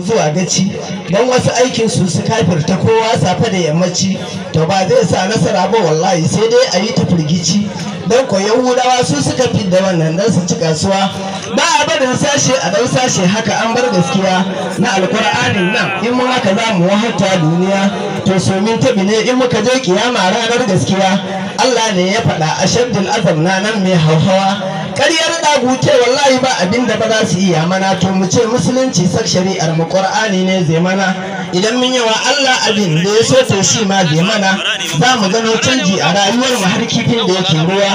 zuwa gaci don wasu aikin su su ta kowa safe da yammaci to ba zai sa nasara ba wallahi sai dai a yi ta firgici don ko yahudawa su suka fi da wannan don su ci kasuwa ba a barin sashe a dan sashe haka an bar gaskiya na alkur'anin nan in mun haka za mu wahalta duniya to somin tabi ne in muka je kiyama ranar gaskiya Allah ne ya faɗa a shaddul azam na nan mai hauhawa ƙaryar ɗagute wallahi ba abin da ba za su iya mana to mu ce musulunci sak shari'ar mu ƙur'ani ne zai mana idan mun yawa Allah abin da ya so to shi ma zai mana za mu gano canji a rayuwar mu har kifin da yake ruwa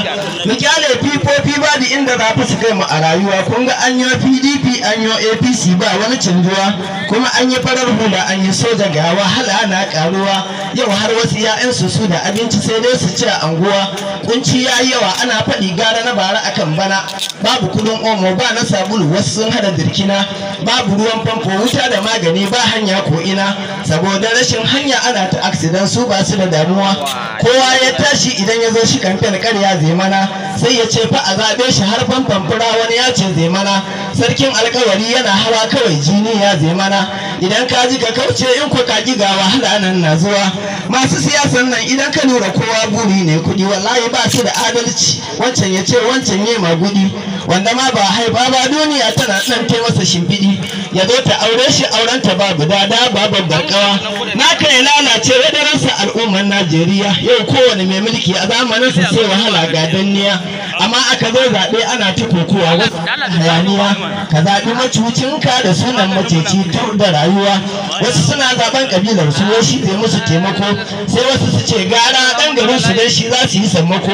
mu kyale fifofi da inda za su kai mu a rayuwa kun ga an yi PDP an yi APC ba wani canjuwa kuma an yi farar hula an yi soja ga wahala na karuwa yau har wasu 'ya'yan su su da abinci sai dai su ce a unguwa kunci ya yi yawa ana faɗi gara na bara akan bana babu kudin omo ba na sabulu wasu sun hada dirkina babu ruwan famfo wuta da magani ba hanya ko ina saboda rashin hanya ana ta aksidan su ba su da damuwa kowa ya tashi idan ya zo shi kamfen karya zai mana sai ya ce fa a zaɓe shi har famfan fura wani ya ce zai mana sarkin alkawari yana hawa kawai jini ya zai mana idan ka ji ka kauce in ko ka ji ga wahala nan na zuwa masu siyasan nan idan ka lura kowa buri ne kuɗi wallahi ba su da adalci wancan ya ce wancan ya magudi wanda ma ba haifa ba duniya tana nan kai masa shimfiɗi ya zo ta aure shi aurenta babu dada babu barkawa na kai lalace wadararsa al'ummar najeriya yau kowane mai mulki a zamanin su sai wahala ga danniya amma aka zo zaɓe ana ta kokowa wasu hayaniya ka zaɓi macucinka da sunan maceci ta da rayuwa wasu suna zaɓen ƙabilar su shi zai musu taimako sai wasu su ce gara ɗan garin su dan shi za su yi sammako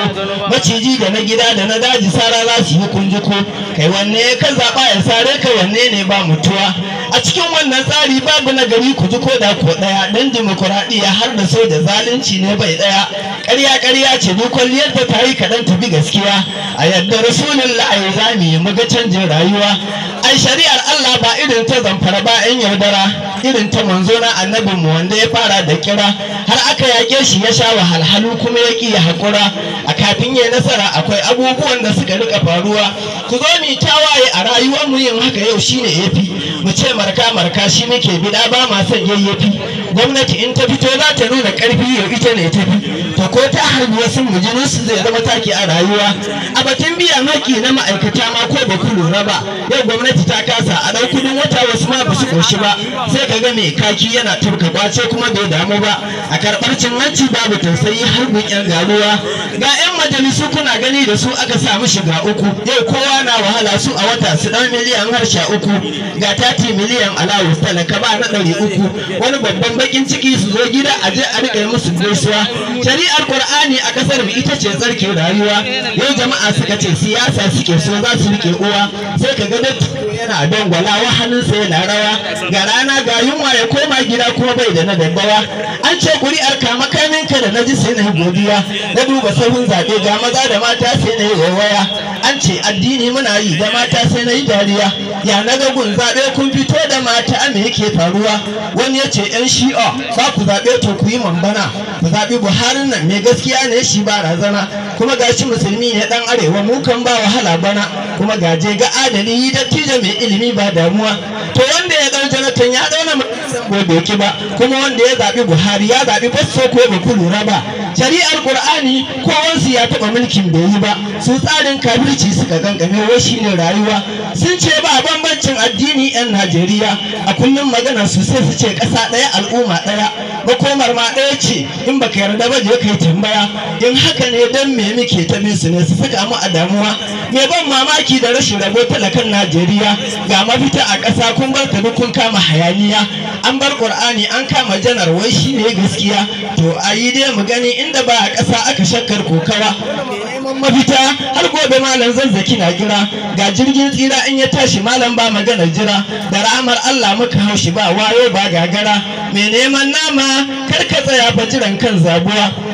maciji da na gida da na daji sara za su yi kunjiko kai wanne ka zaɓa ya sare kai wanne ne ba mutuwa a cikin wannan tsari babu na gari ku ji ko da ko ɗaya dan dimokuraɗiyya har da da zalunci ne bai ɗaya ƙarya ƙarya ce duk kwalliyar da ta yi kaɗan ta bi gaskiya a yadda rasulun la'ayi za mu yi muga canjin rayuwa ai shari'ar Allah ba irin ta zamfara ba in yaudara irin ta manzo na annabinmu wanda ya fara da kira har aka yaƙe shi ya sha wahalhalu kuma ya ƙi ya haƙura a kafin ya nasara akwai abubuwan da suka rika faruwa ku zo mu tawaye a rayuwar mu yin haka yau shine yafi mu ce marka marka shi muke bida ba ma son yayyafi gwamnati in ta fito za ta nuna ƙarfi yau ita ne tafi to ko ta harbi wasu mujinin su zai zama taki a rayuwa a batun biyan haƙƙi na ma'aikata ma ko ba ku lura ba yau gwamnati ta kasa a ɗau kudin wata wasu ma ba su ƙoshi ba sai ka ga mai kaki yana tabka kwace kuma bai damu ba a karɓar cin hanci babu tausayi harbin 'yan garuwa ga 'yan majalisu kuna gani da su aka samu shiga uku yau kowa na wahala su a wata su dan miliyan harsha uku ga tati miliyan alawus talaka ba na ɗari uku wani babban bakin ciki su zo gida a je a riƙe musu gaisuwa shari'ar qur'ani a ƙasar mu ita ce tsarkin rayuwa yau jama'a suka ce siyasa suke so za su riƙe uwa sai ka ga yana dangwalawa hannunsa yana rawa ga rana ga yunwa ya koma gida kuma bai da na dabbawa. an ce kuri'ar kama kaminka da na ji sai na yi godiya na duba sahun zaɓe ga maza da mata sai na yi waya an ce addini muna yi da mata sai na yi dariya ya na ga gun zaɓe kun fito da mata me yake faruwa wani ya ce yan shi'a ba ku zaɓe to ku yi mambana ku zaɓi buharin nan mai gaskiya ne shi ba razana kuma gashi musulmi ne dan arewa mu kan ba wahala bana kuma gaje ga adali dattijo mai ilimi ba damuwa to wanda ya na can ya zauna gobe ba kuma wanda ya zaɓi buhari ya zaɓi basso ko ba ku lura ba shari'ar qur'ani wansu ya taɓa mulkin bai yi ba su tsarin kafirci suka gangame wai shine rayuwa sun ce ba bambancin addini yan najeriya a kullum magana su sai su ce ƙasa ɗaya al'umma ɗaya makomar ma ɗaya ce in baka yarda ba je yi tambaya in haka ne dan me muke ta bin su ne su saka mu a damuwa me ban mamaki da rashin rabo talakan Najeriya ga mafita a ƙasa kun bar ta kun kama hayaniya an bar Qur'ani an kama janar wai ne gaskiya to ayi dai mu gani inda ba a ƙasa aka shakkar kokawa neman mafita har gobe malam zazzaki na gira, ga jirgin tsira in ya tashi malam ba maganar jira da ra'amar Allah muka haushi ba wayo ba gagara mai neman nama kar ka tsaya fa jiran kan zabuwa